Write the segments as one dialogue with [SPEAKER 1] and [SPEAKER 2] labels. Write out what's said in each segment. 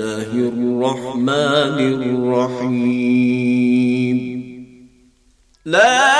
[SPEAKER 1] الله الرحمن
[SPEAKER 2] الرحيم لا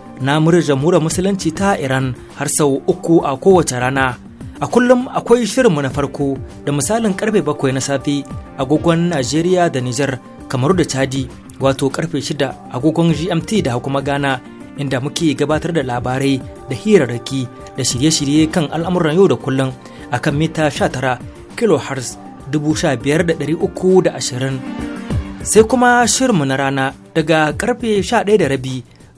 [SPEAKER 3] na murar jamhuriyar musulunci ta Iran har sau uku a kowace rana. A kullum akwai shirinmu na farko da misalin karfe bakwai na safe agogon Najeriya da Nijar kamaru da Chadi wato karfe shida agogon GMT da kuma Ghana inda muke gabatar da labarai da hirarraki da shirye-shirye kan al'amuran yau da kullum a kan mita 19 kilohertz 15,320 sai kuma shirinmu na rana daga karfe ɗaya da rabi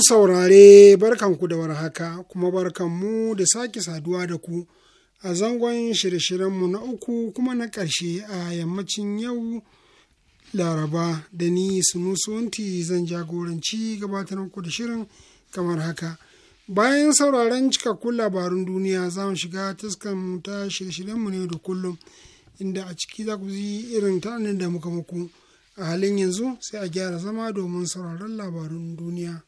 [SPEAKER 4] Masu saurare barkanku da warhaka kuma barkanmu da sake saduwa da ku a zangon shirye-shiryenmu na uku kuma na ƙarshe a yammacin yau Laraba da ni Sunusunti zan jagoranci gabatar ku da shirin kamar haka. Bayan sauraron cikakkun labarun duniya za mu shiga taskan ta shirye-shiryenmu ne da kullum inda a ciki za ku ji irin ta'anin da muka muku. A halin yanzu sai a gyara zama domin sauraron labarun duniya.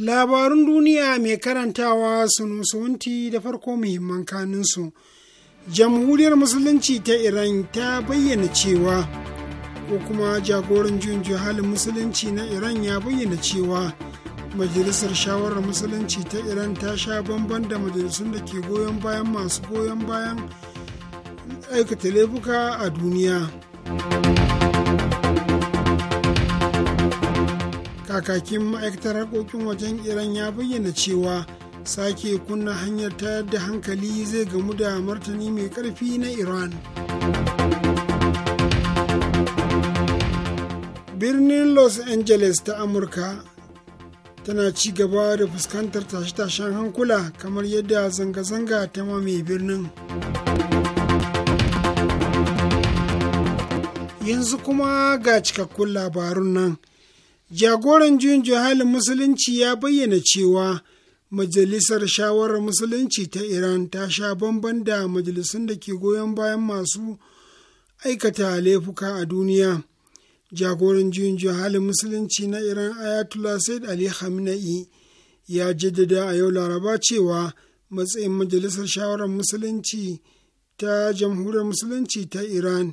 [SPEAKER 4] Labarun duniya mai karantawa sunusunti da farko muhimman kaninsu. Jamhuriyar Musulunci ta Iran ta bayyana cewa, ko kuma jagoran juyin halin Musulunci na Iran ya bayyana cewa Majalisar Shawarar Musulunci ta Iran ta sha bamban da majalisun da ke goyon bayan masu goyon bayan aikata laifuka a duniya. kakakin ma'aikatar harkokin wajen iran ya bayyana cewa sake kunna hanyar tayar da hankali zai gamu da martani mai karfi na iran birnin los angeles ta amurka tana ci gaba da fuskantar tashe-tashen hankula kamar yadda zanga-zanga ta mame birnin yanzu kuma ga cikakkun labarun nan jagoran juyin halin musulunci ya bayyana cewa majalisar shawarar musulunci ta iran ta sha bamban da majalisun da ke goyon bayan masu aikata laifuka a duniya jagoran juyin halin musulunci na iran ayatollah said ali khamenei ya jaddada a yau laraba cewa matsayin majalisar shawarar musulunci ta jamhuriyar musulunci ta iran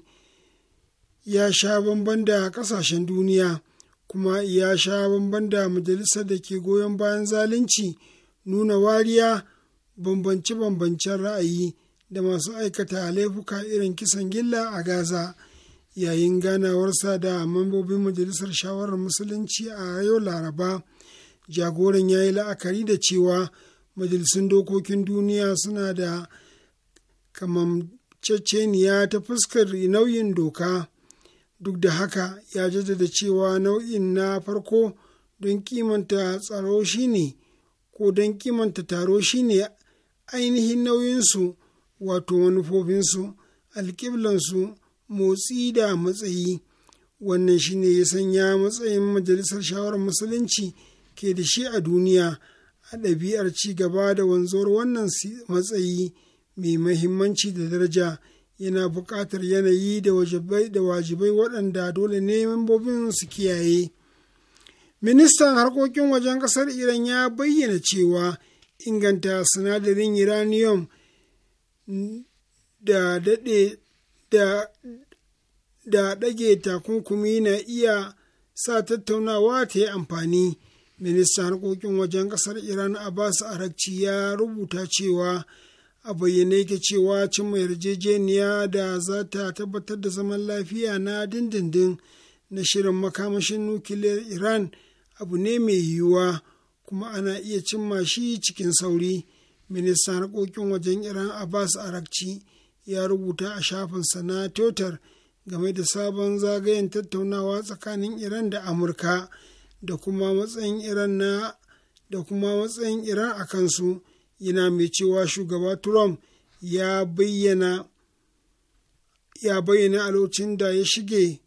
[SPEAKER 4] ya sha bamban da kasashen duniya kuma ya sha bamban da majalisar da ke goyon bayan zalunci nuna wariya bambance-bambancen ra'ayi da masu aikata laifuka irin kisan gilla a gaza yayin ganawarsa da mambobin majalisar shawarar musulunci a yau laraba jagoran ya yi la'akari da cewa majalisun dokokin duniya suna da kamamceceniya ta fuskar nauyin doka duk da haka ya jaddada cewa nau'in na farko don kimanta tsaro shine ko don kimanta taro shine ainihin nauyinsu wato manufofinsu alkiblansu motsi da matsayi wannan shine ya sanya matsayin majalisar shawarar musulunci ke da shi a duniya a ɗabi'ar ci gaba da wanzuwar wannan matsayi mai mahimmanci da daraja. yana buƙatar yanayi da wajibai waɗanda dole ne membobin su kiyaye ministan harkokin wajen ƙasar iran ya bayyana cewa inganta sinadarin uranium da daɗe da ɗage takunkumi na iya sa tattaunawa ta yi amfani ministan harkokin wajen ƙasar iran abbas arakci ya rubuta cewa a bayyane yake cewa cimma yarjejeniya da za ta tabbatar da zaman lafiya na dindindin na shirin makamashin nukiliyar iran abu ne mai yiwuwa kuma ana iya cimma shi cikin sauri ministan harkokin wajen iran abbas arakci ya rubuta a shafinsa na totar game da sabon zagayen tattaunawa tsakanin iran da amurka da kuma matsayin iran da kuma matsayin iran a kansu yana mai cewa shugaba trump ya bayyana ya bayyana a lokacin da ya shige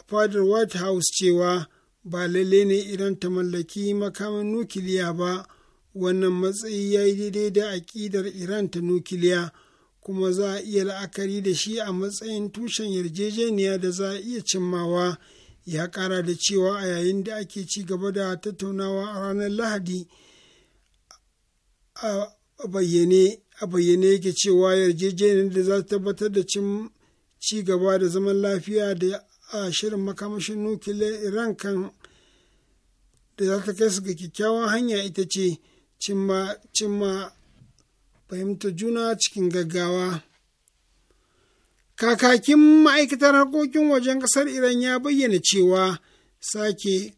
[SPEAKER 4] a fadar white house cewa ba lalle ne iran ta mallaki makamin nukiliya ba wannan matsayi ya yi daidai da aƙidar iran ta nukiliya kuma za a iya la'akari da shi a matsayin tushen yarjejeniya da za a iya cimmawa ya ƙara da cewa a yayin da ake ci gaba da tattaunawa a ranar lahadi a bayyane yake cewa yarjejeniyar da za ta tabbatar da cin ci gaba da zaman lafiya da a shirin makamashin nukiliyar iran kan da za ta kai su ga kyakkyawan hanya ita ce cimma cimma fahimtar juna cikin gaggawa kakakin ma'aikatar harkokin wajen kasar iran ya bayyana cewa sake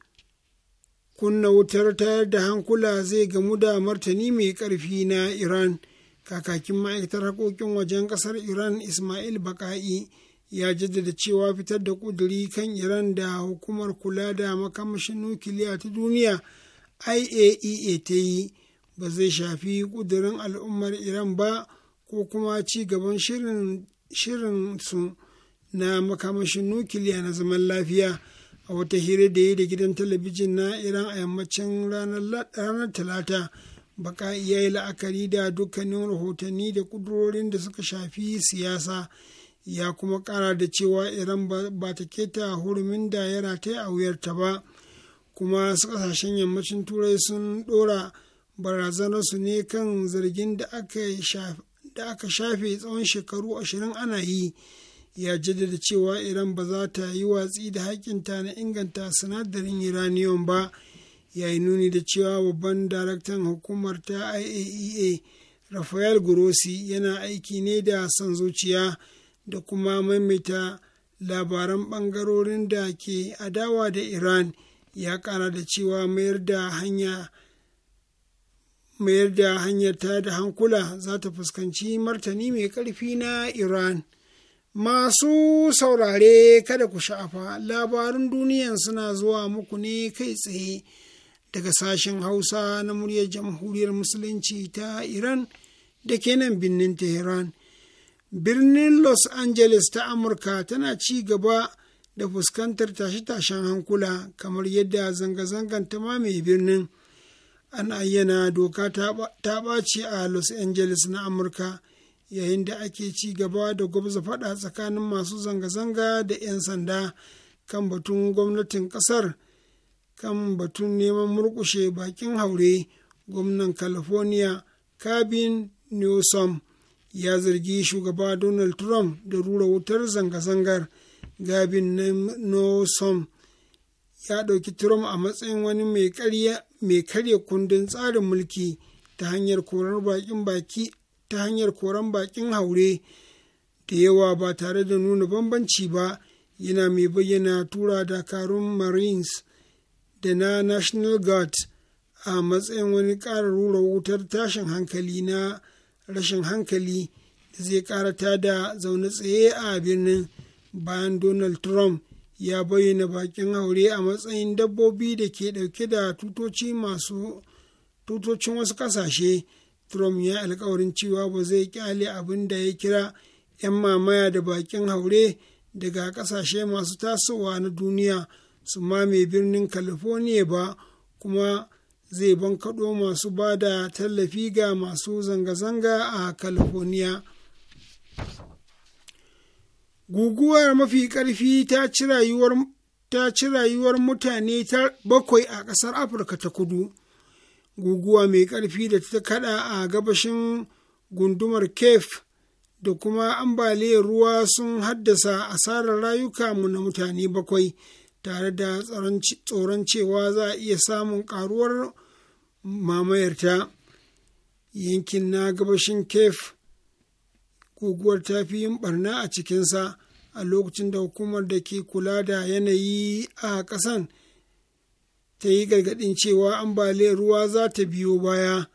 [SPEAKER 4] kunna wutar tayar da hankula zai gamu da martani mai ƙarfi na iran kakakin ma'aikatar haƙoƙin wajen ƙasar iran ismail baka'i ya jaddada cewa fitar da ƙuduri kan iran da hukumar kula da makamashin nukiliya ta duniya iaea e ta yi ba zai shafi ƙudurin al'ummar iran ba ko kuma ci gaban shirin su na makamashin nukiliya na zaman lafiya. a wata hira da yi da gidan talabijin na iran a yammacin ranar talata baka iya yi la'akari da dukkanin rahotanni da kudurorin da suka shafi siyasa ya kuma kara da cewa iran ba ta keta hurumin da yana ta a wuyarta ba kuma su kasashen yammacin turai sun dora barazanarsu ne kan zargin da aka shafe tsawon shekaru ashirin ana yi ya jaddada cewa iran ba za ta yi watsi da haƙƙinta na inganta sinadarin uranium ba ya yi nuni da cewa babban daraktan hukumar ta iaea e rafael grossi yana aiki ne da san zuciya da kuma maimaita labaran ɓangarorin da ke adawa da iran ya ƙara da cewa mayar da hanya mayar da hanyar ta da hankula za ta fuskanci martani mai ƙarfi na iran Masu saurare kada ku sha'afa labarin duniyan suna zuwa muku ne kai tsaye daga sashen Hausa na muryar Jamhuriyar Musulunci ta Iran da ke nan birnin Tehran. Birnin Los Angeles ta Amurka tana ci gaba da fuskantar tashe-tashen hankula kamar yadda zanga-zangan ta mamaye birnin. An ayyana doka ta ɓaci a Los Angeles na Amurka. yayin da ake ci gaba da gwabza faɗa tsakanin masu zanga-zanga da 'yan sanda kan batun gwamnatin kasar kan batun neman murkushe bakin haure gwamnan california kabin newsom ya zargi shugaba donald trump da rura wutar zanga-zangar gabin newsom ya ɗauki trump a matsayin wani mai karya kundin tsarin mulki ta hanyar korar bakin baki ta hanyar koran bakin haure da yawa ba tare da nuna bambanci ba yana mai bayyana tura dakarun marines da na national guard a matsayin wani ƙara rura wutar tashin hankali na rashin hankali da zai ƙara da zaune tsaye a birnin bayan donald trump ya bayyana bakin haure a matsayin dabbobi da ke dauke da tutoci masu tutocin wasu kasashe. Trump ya yi alkawarin cewa ba zai kyale abin da ya kira 'yan mamaya da bakin haure daga kasashe masu tasowa na duniya su mame birnin California ba kuma zai bankaɗo masu ba da tallafi ga masu zanga-zanga a California. Guguwar mafi ƙarfi ta ci rayuwar mutane ta bakwai a ƙasar Afirka ta kudu. guguwa mai ƙarfi da ta kaɗa a gabashin gundumar kef da kuma ambaliyar ruwa sun haddasa asarar rayuka mu na mutane bakwai tare da tsoron cewa za a iya samun ƙaruwar mamayarta yankin na gabashin kef guguwar ta fi yin barna a cikinsa a lokacin da hukumar da ke kula da yanayi a ƙasan ta yi gargaɗin cewa ambaliyar ruwa za ta biyo baya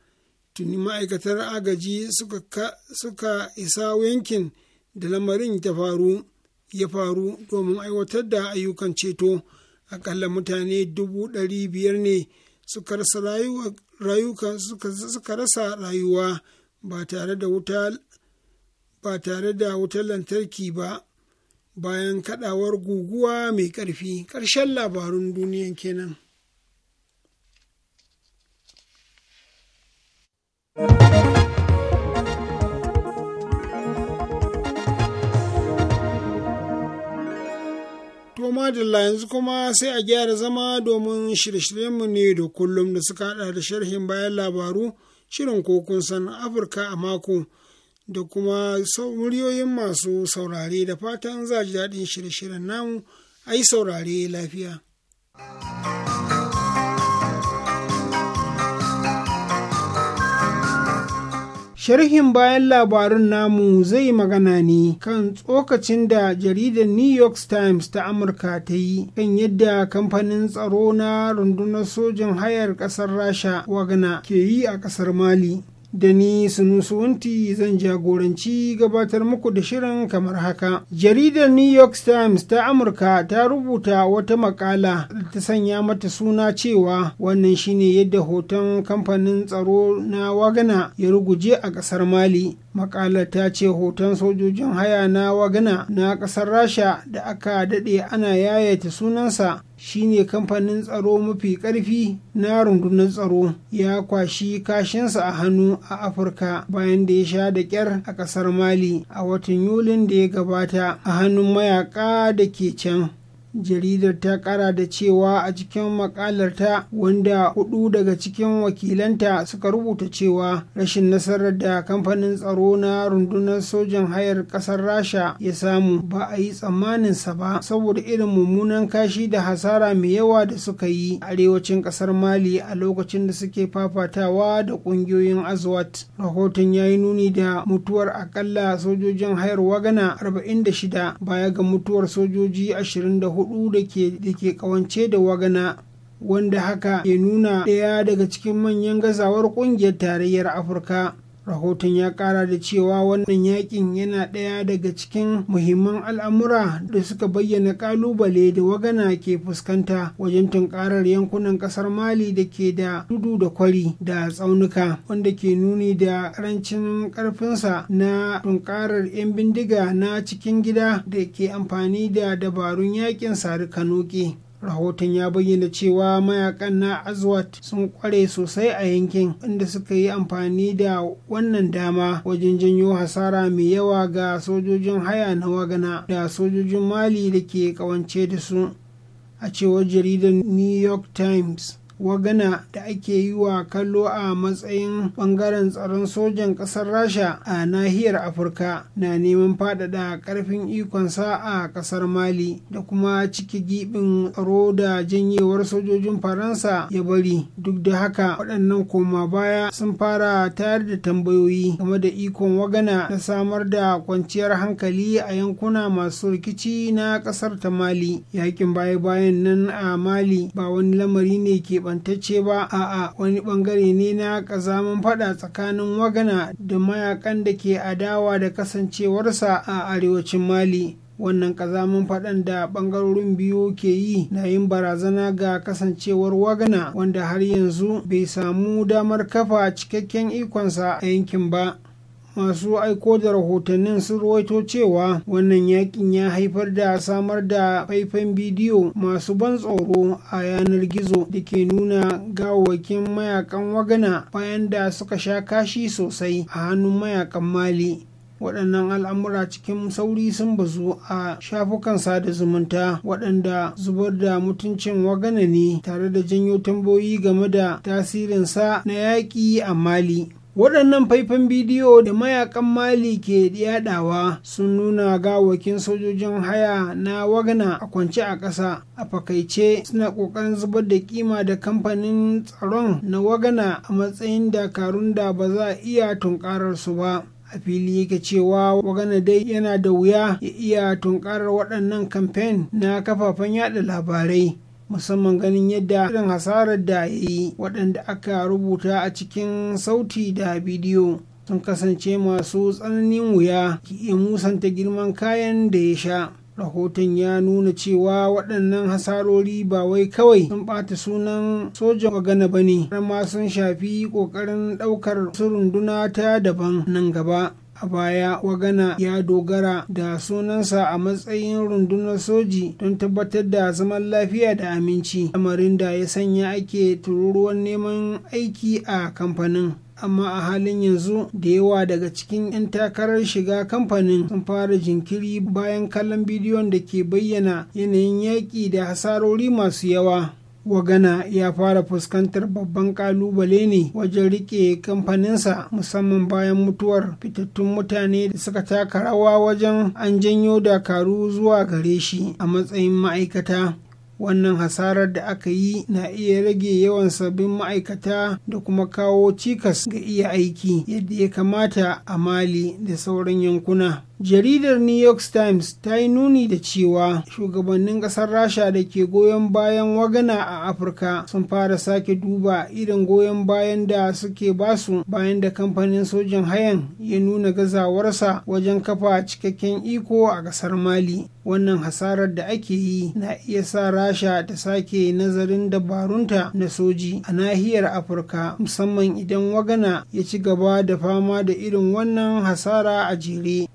[SPEAKER 4] tuni ma'aikatar agaji suka, isa yankin da lamarin ta faru ya faru domin aiwatar da ayyukan ceto akalla mutane dubu ɗari biyar ne suka rasa rayuwa, ba tare da wuta wutar lantarki ba bayan kaɗawar guguwa mai ƙarfi ƙarshen labarun duniyan kenan. madalla yanzu kuma sai a gyara zama domin shirye-shiryenmu ne da kullum da suka hada da sharhin bayan labaru shirin kokun san afirka a mako da kuma muryoyin masu saurare da fatan za ji daɗin shirye-shiryen namu a yi saurare lafiya. Sharhin bayan labarun namu zai magana ne kan tsokacin da jaridar New York Times ta Amurka ta yi kan yadda kamfanin tsaro na rundunar sojin hayar ƙasar Rasha Wagana, ke yi a ƙasar Mali. da ni sunusunti zan jagoranci gabatar muku da shirin kamar haka. Jaridar New York Times ta Amurka ta rubuta wata makala da ta sanya mata suna cewa wannan shine yadda hoton kamfanin tsaro na Wagana ya ruguje a ƙasar Mali. Makala ta ce hoton sojojin haya na Wagana na ƙasar Rasha da aka daɗe ana yayata sunansa shine kamfanin tsaro mafi karfi na rundunar tsaro ya kwashi kashinsa a hannu a afirka bayan da ya sha da kyar a kasar mali a watan yulin da ya gabata a hannun mayaka da ke can jaridar ta kara da cewa a cikin makalarta wanda hudu daga cikin wakilanta suka rubuta cewa rashin nasarar da kamfanin tsaro na rundunar sojan hayar kasar rasha ya samu ba a yi tsammaninsa ba saboda irin mummunan kashi da hasara mai yawa da suka yi arewacin kasar mali a lokacin da suke fafatawa da kungiyoyin azwat rahoton ya yi nuni da mutuwar akalla sojojin hayar wagana 46 baya ga mutuwar sojoji 24 hudu da ke kawance da wagana wanda haka ke nuna ɗaya daga cikin manyan gazawar kungiyar tarayyar afirka rahoton ya kara da cewa wannan yakin yana ɗaya daga cikin muhimman al'amura da suka bayyana kalubale da wagana ke fuskanta wajen tunkarar yankunan kasar mali da ke da tudu da kwari da tsaunuka wanda ke nuni da karancin karfinsa na tunkarar 'yan bindiga na cikin gida da ke amfani da dabarun yakin sari kanoke rahoton ya bayyana cewa mayakan na azwat sun kware sosai a yankin inda suka yi amfani da wannan dama wajen janyo hasara mai yawa ga sojojin haya na wagana da sojojin mali da ke kawance da su a cewar jaridar new york times wagana da ake yi wa kallo a matsayin bangaren tsaron sojan ƙasar rasha a nahiyar afirka na neman faɗaɗa ƙarfin ikonsa a ƙasar mali da kuma ciki giɓin tsaro da janyewar sojojin faransa ya bari duk da haka waɗannan koma baya sun fara tayar da tambayoyi game da ikon wagana na samar da kwanciyar hankali a yankuna masu rikici na ƙasar ta mali yakin baya-bayan nan a mali ba wani lamari ne ke keɓantacce ba a'a wani ɓangare ne na ƙazaman faɗa tsakanin wagana da mayakan da ke adawa da kasancewarsa a arewacin mali wannan ƙazamin faɗan da ɓangarorin biyu ke yi na yin barazana ga kasancewar wagana wanda har yanzu bai samu damar kafa cikakken ikonsa a yankin ba masu aiko da rahotannin sun ruwaito cewa wannan yakin ya haifar da samar da faifan bidiyo masu ban tsoro a yanar gizo da ke nuna gawakin mayakan wagana bayan da suka sha kashi sosai a hannun mayakan mali waɗannan al'amura cikin sauri sun bazu a shafukan sada zumunta waɗanda zubar da mutuncin wagana ne tare da janyo tambayoyi game da tasirinsa na yaƙi a mali waɗannan faifan bidiyo da mayakan mali ke yadawa sun nuna gawakin sojojin haya na wagna a kwance a ƙasa a fakaice suna ƙoƙarin zubar da kima da kamfanin tsaron na wagana a matsayin dakarun da ba za a iya tunkarar su ba a fili yake cewa wagana dai yana da wuya ya iya tunkarar waɗannan kamfen na kafafen yada labarai musamman ganin yadda irin hasarar da ya yi waɗanda aka rubuta a cikin sauti da bidiyo sun kasance masu tsananin wuya ki iya musanta girman kayan da ya sha rahoton ya nuna cewa waɗannan hasarori ba wai kawai sun ɓata sunan sojan magana ba ne ma sun shafi ƙoƙarin ɗaukar su runduna ta daban nan gaba a baya wagana ya dogara da sunansa a matsayin rundunar soji don tabbatar da zaman lafiya da aminci lamarin da ya sanya ake tururuwan neman aiki a kamfanin amma a halin yanzu da yawa daga cikin 'yan takarar shiga kamfanin sun fara jinkiri bayan kallon bidiyon da ke bayyana yanayin yaƙi da hasarori masu yawa wagana ya fara fuskantar babban kalubale ne wajen rike kamfaninsa musamman bayan mutuwar fitattun mutane da suka taka rawa wajen an janyo dakaru zuwa gare shi a matsayin ma'aikata wannan hasarar da aka yi na iya rage yawan sabbin ma'aikata da kuma kawo cikas ga iya aiki yadda ya kamata a mali da sauran yankuna jaridar new york times ta yi nuni da cewa shugabannin ƙasar rasha da ke goyon bayan wagana a afirka sun fara sake duba irin goyon bayan da suke basu bayan da kamfanin sojin hayan ya nuna gazawarsa wajen kafa cikakken iko a kasar mali wannan hasarar da ake yi na iya sa rasha ta sake nazarin dabarunta na soji a nahiyar afirka musamman idan wagana ya ci gaba da fama da irin wannan hasara a jere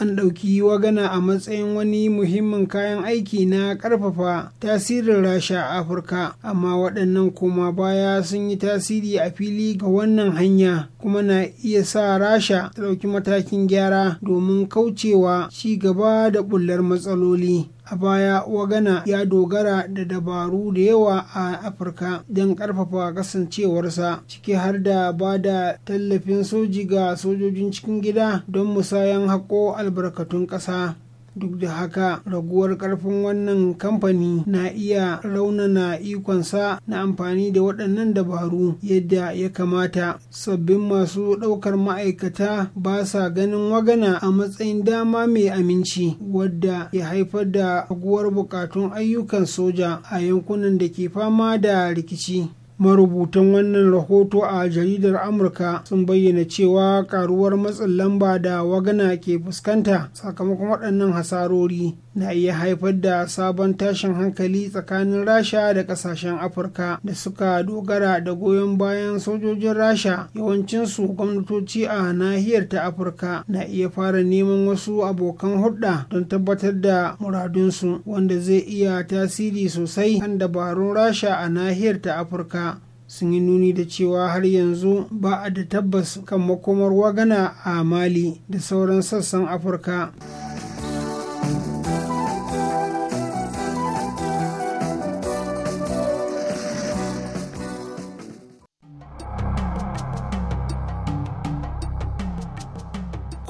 [SPEAKER 4] an ɗauki wagana a matsayin wani muhimmin kayan aiki na ƙarfafa tasirin rasha a afirka amma waɗannan koma baya sun yi tasiri a fili ga wannan hanya kuma na iya sa rasha ta ɗauki matakin gyara domin kaucewa ci gaba da ɓullar matsaloli a baya wagana ya dogara da dabaru da yawa a afirka don karfafa kasancewarsa ciki har da ba da tallafin soji ga sojojin cikin gida don musayan haƙo albarkatun ƙasa duk da haka raguwar karfin wannan kamfani na iya raunana ikonsa na amfani da waɗannan dabaru yadda ya kamata sabbin masu ɗaukar ma'aikata ba sa ganin wagana a matsayin dama mai aminci wadda ya haifar da raguwar buƙatun ayyukan soja a yankunan da ke fama da rikici marubutan wannan rahoto a jaridar amurka sun bayyana cewa karuwar matsin lamba da wagana ke fuskanta sakamakon waɗannan hasarori na iya haifar da sabon tashin hankali tsakanin rasha da kasashen afirka da suka dogara da goyon bayan sojojin rasha yawancinsu gwamnatoci a nahiyar ta afirka na iya fara neman wasu abokan hulɗa don tabbatar da muradunsu wanda zai iya tasiri sosai kan dabarun rasha a nahiyar ta afirka sun yi nuni da cewa har yanzu ba a da tabbas kan makomar wagana a mali da sauran sassan afirka.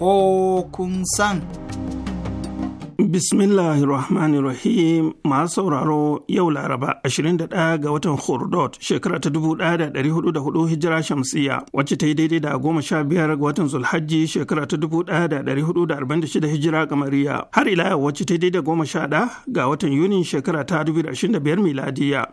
[SPEAKER 5] ko kun san. Bismillahirrahmanirrahim masu sauraro yau Laraba 21 ga watan Hordot shekara ta 1404 hijira shamsiya wacce ta yi daidai da 15 ga watan Zulhajji shekara ta 1446 hijira kamariya har ila wacce ta yi daidai da 11 ga watan Yunin shekara ta 2025 miladiya.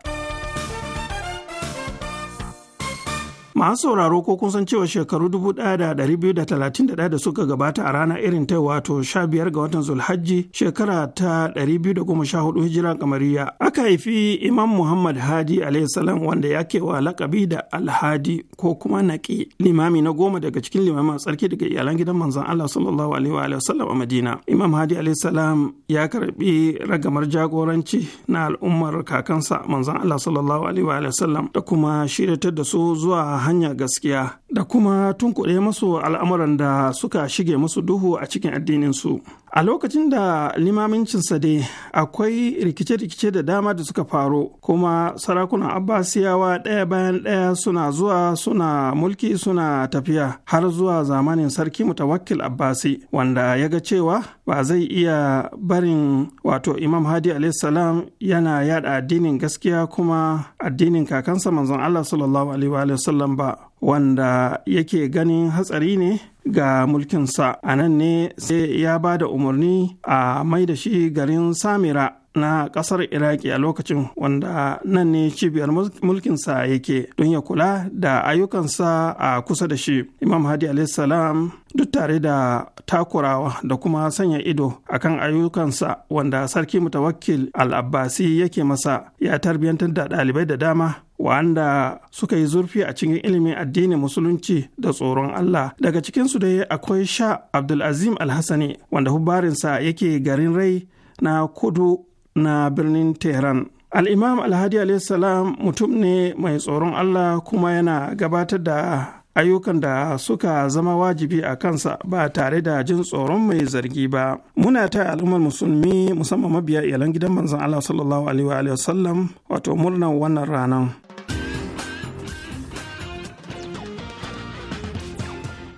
[SPEAKER 5] masu sauraro ko kun san cewa shekaru 1231 da suka gabata a ranar irin ta wato 15 ga watan zulhajji shekara ta 214 hijira kamariya aka haifi imam muhammad hadi Salam wanda ya kewa lakabi da alhadi ko kuma naki limami na goma daga cikin limaman tsarki daga iyalan gidan manzon allah sallallahu alaihi wa sallam a madina imam hadi alaihissalam ya karbi ragamar jagoranci na al'ummar kakansa manzon allah sallallahu alaihi wa sallam da kuma shiryatar da su zuwa hanyar gaskiya da kuma tunkuɗe masu al'amuran da suka shige masu duhu a cikin addininsu A lokacin da limamincinsa dai akwai rikice-rikice da dama da suka faru kuma sarakunan Abbasiyawa ɗaya bayan ɗaya suna zuwa suna mulki suna tafiya har zuwa zamanin sarki mutawakkil Abbasi wanda ya ga cewa ba zai iya barin wato Imam Hadi salam yana yada addinin gaskiya kuma addinin kakansa manzon Allah sallallahu alaihi ba wanda yake ganin hatsari ne ga mulkinsa a nan ne sai ya ba da umarni a mai da shi garin samira na kasar iraki a lokacin wanda nan ne cibiyar mulkinsa yake don ya kula da ayyukansa a kusa da shi imam hadi salam duk tare da takurawa da kuma sanya ido a kan ayyukansa wanda sarki mutawakkil al-abbasi yake masa ya tarbiyantar da ɗalibai da dama wanda suka yi zurfi a cikin ilimin addini musulunci da tsoron Allah daga cikinsu dai akwai sha abdulazim alhassani wanda hubarinsa yake garin rai na kudu na birnin Tehran. Al'imam Alhadi salam mutum ne mai tsoron Allah kuma yana gabatar da ayyukan da suka zama wajibi a kansa ba tare da jin tsoron mai zargi ba. Muna ta al'ummar musulmi musamman mabiya iyalan gidan manzon Allah sallallahu alaihi wa wato murnar wannan ranar.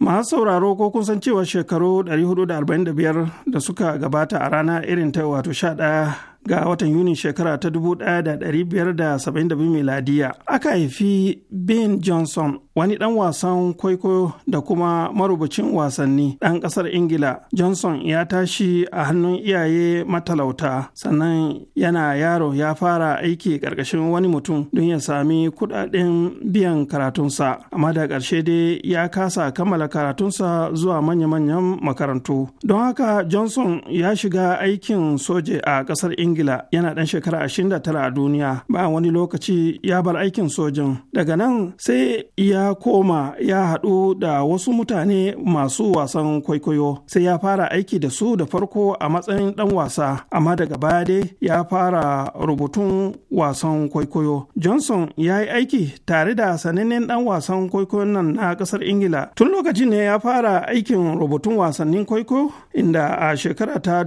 [SPEAKER 5] masu sauraro ko kun san cewa shekaru 445 da suka gabata a rana irin ta wato 11 ga watan Yunin shekara ta 1572 miladiya aka haifi Ben Johnson wani dan wasan kwaikwayo da kuma marubucin wasanni Dan ƙasar Ingila. Johnson ya tashi a hannun iyaye matalauta sannan yana yaro ya fara aiki ƙarƙashin wani mutum don ya sami kuɗaɗen biyan karatunsa amma da ƙarshe dai ya kasa kammala karatunsa zuwa manya-manyan makarantu. Don haka Johnson ya shiga aikin soje a ƙasar Ingila. ingila yana dan shekara 29 a duniya bayan wani lokaci ya bar aikin sojin daga nan sai ya koma ya haɗu da wasu mutane masu wasan kwaikwayo sai ya fara aiki da su da farko a matsayin ɗan wasa amma daga baya dai ya fara rubutun wasan kwaikwayo johnson ya yi aiki tare da sanannen ɗan wasan kwaikwayon nan na ƙasar ingila tun lokacin ne ya fara aikin rubutun wasannin kwaikwayo inda a shekara ta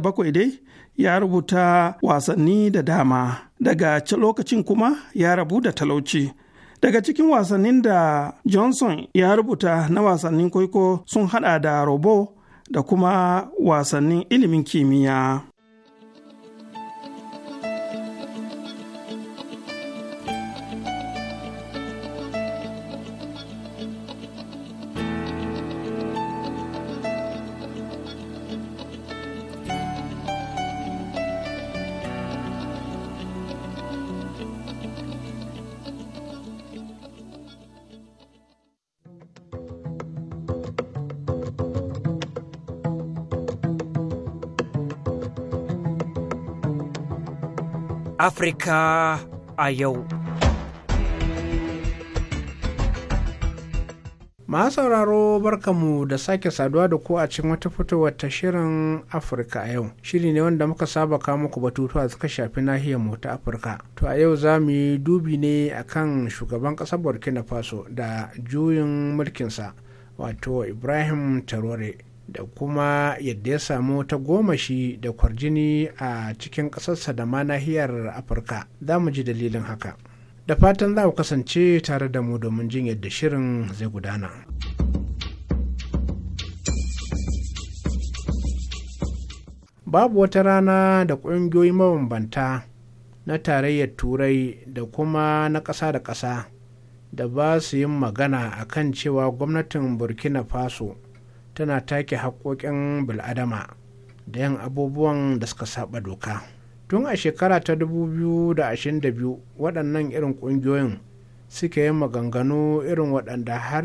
[SPEAKER 5] bakwai. kawai ya rubuta wasanni da dama daga lokacin kuma ya rabu da talauci daga cikin wasannin da johnson ya rubuta na wasannin kwaiko sun hada da robo da kuma wasannin ilimin kimiyya
[SPEAKER 3] Afirka a yau.
[SPEAKER 6] Ma sauraro barkamu da sake saduwa da ku a cikin wata fitowar ta shirin Afirka a yau. Shiri ne wanda muka saba kawo muku batutuwa suka shafi nahiyar mu ta Afirka. To a yau za mu yi dubi ne akan shugaban ƙasar Burkina Faso da juyin mulkinsa wato Ibrahim Tarore. da kuma yadda ya samu ta goma shi da kwarjini a cikin ƙasarsa da ma nahiyar afirka za mu ji dalilin haka da fatan za ku kasance tare da mu domin jin yadda shirin zai gudana babu wata rana da ƙungiyoyi mabambanta na tarayyar turai da kuma na ƙasa da ƙasa da ba su yin magana akan cewa gwamnatin burkina faso tana take haƙoƙin bil'adama da yin abubuwan da suka saba doka tun a shekara ta 2022 waɗannan irin ƙungiyoyin suke yin maganganu irin waɗanda har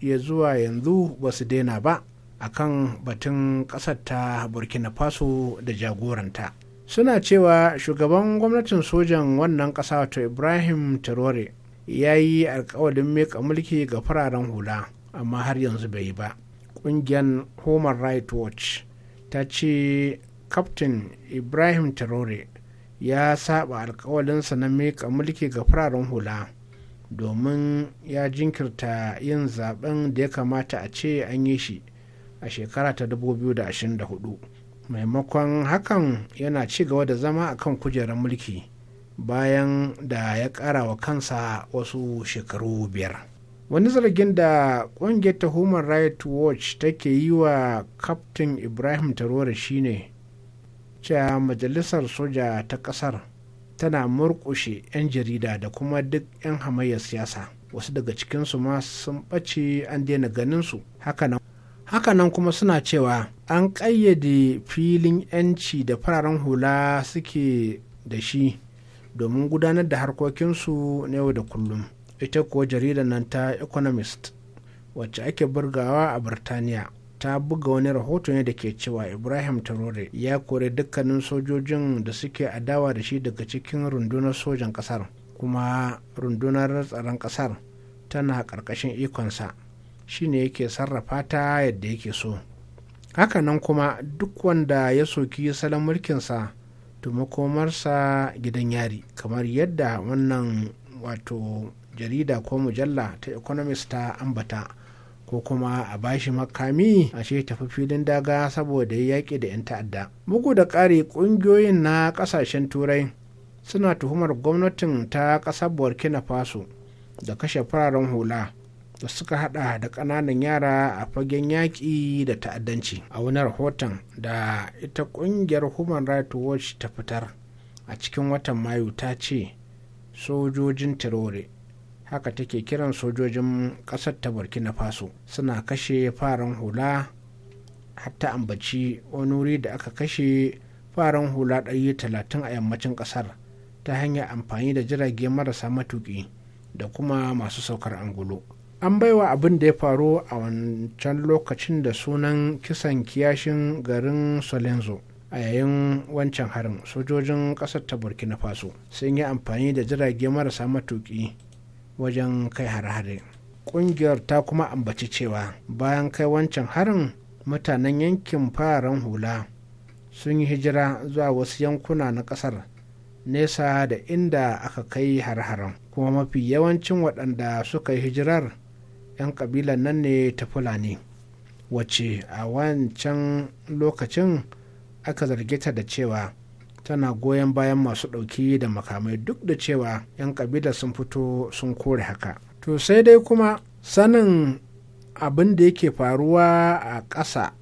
[SPEAKER 6] ya zuwa yanzu ba su daina ba a kan batun ƙasar ta burkina faso da jagoranta suna cewa shugaban gwamnatin sojan wannan ƙasa wato ibrahim terore ya yi alkawalin mulki ga fararen hula amma har yanzu bai yi ba ƙungiyar human rights watch ta ce kaftin ibrahim terore ya saba alkawalinsa na mika mulki ga fararen hula domin ya jinkirta yin zaben da ya kamata a ce an yi shi a shekara ta 2024 maimakon hakan yana ci gaba da zama a kan kujerar mulki bayan da ya kara wa kansa wasu shekaru biyar. wani zargin da kungiyar ta human rights watch take yi wa kaftin ibrahim tarore shine cewa majalisar soja ta kasar tana murkushe 'yan jarida da kuma duk 'yan hamayyar siyasa wasu daga cikinsu ma sun ɓace an daina ganinsu hakanan hakanan kuma suna cewa an ƙayyade filin 'yanci da fararen hula suke da shi domin gudanar da harkokinsu na yau da kullum ita kuwa jaridar nan ta economist wacce ake burgawa a birtaniya ta buga wani rahoto ne da ke cewa ibrahim tarore ya kore dukkanin sojojin da suke adawa da shi daga cikin rundunar sojan kasar kuma rundunar tsaron kasar tana ƙarƙashin ikonsa shine yake sarrafa ta yadda yake so hakanan kuma duk wanda ya soki salon mulkinsa to makomarsa gidan yari kamar yadda wannan wato jarida ko mujalla ta economist ta ambata ko kuma a bashi makami a ce tafi filin daga saboda ya yaƙi da 'yan ta'adda bugu da ƙari ƙungiyoyin na ƙasashen turai suna tuhumar gwamnatin ta ƙasar burkina faso da kashe fararen hula da suka hada da ƙananan yara a fagen yaƙi da ta'addanci a wani rahoton da ita ƙungiyar human rights watch ta fitar a cikin watan mayu ta ce sojojin tirore haka take kiran sojojin ƙasar ta burkina faso suna kashe farin hula hatta ambaci wani wuri da aka kashe farin hula ɗari talatin a yammacin ƙasar ta hanyar amfani da jirage marasa matuƙi da kuma masu saukar angulo an baiwa abin da ya faru a wancan lokacin da sunan kisan kiyashin garin solenzo a yayin wancan harin sojojin ƙasar ta burkina faso sun yi amfani da jirage marasa matuƙi wajen kai hare-hare ƙungiyar ta kuma ambaci cewa bayan kai wancan harin mutanen yankin fararen hula sun yi hijira zuwa wasu yankuna na ƙasar nesa da inda aka kai har-haren kuma mafi yawancin waɗanda suka yi hijirar 'yan ƙabilan nan ne ta fulani wacce a wancan lokacin aka zarge ta da cewa tana goyon bayan masu ɗauki da makamai duk da cewa 'yan kabila sun fito sun kore haka to sai dai kuma sanin abin da yake faruwa a ƙasa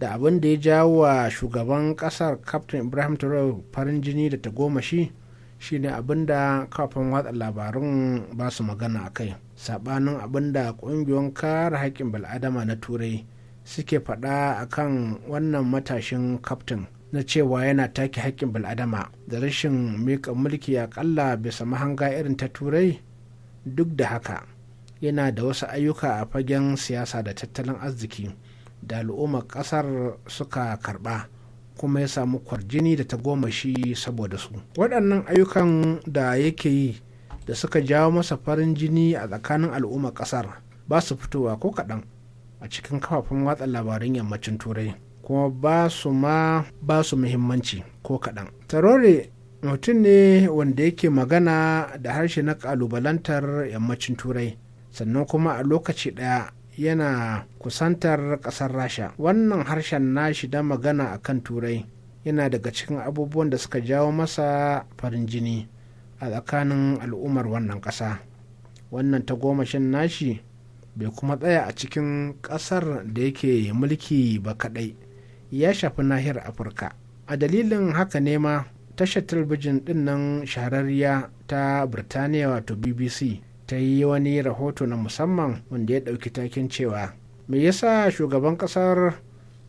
[SPEAKER 6] da abin da ya jawo wa shugaban ƙasar captain ibrahim traore farin jini da ta shi ne abin da kafin watsa labarun ba su magana a kai sabanin abin da ƙungiyoyin kare haƙƙin bil'adama na turai suke faɗa akan wannan matashin kaftin na cewa yana take haƙƙin bil'adama da rashin miƙa mulki aƙalla bisa mahanga irin ta turai duk da haka yana da wasu ayyuka a fagen siyasa da tattalin arziki da al'ummar ƙasar suka karɓa kuma ya samu kwarjini da ta goma shi saboda su waɗannan ayyukan da yake yi da suka jawo masa farin jini a tsakanin al'ummar ƙasar ba su fitowa ko kaɗan a cikin kafafen watsa labaran yammacin turai kuma ba su ma ba su muhimmanci ko kaɗan tarore mutum ne wanda yake magana da harshe na ƙalubalantar yammacin turai sannan kuma a lokaci ɗaya yana kusantar ƙasar rasha wannan harshen nashi da magana a kan turai yana daga cikin abubuwan da suka jawo masa farin jini a tsakanin al'ummar wannan ƙasa wannan tagomashin nashi bai kuma tsaya a cikin ƙasar da yake mulki ba kaɗai ya shafi nahiyar afirka a dalilin haka ne ma tashar talbijin dinnan shahararriya ta birtaniya wato bbc ta yi wani rahoto na musamman wanda ya ɗauki takin cewa me yasa shugaban ƙasar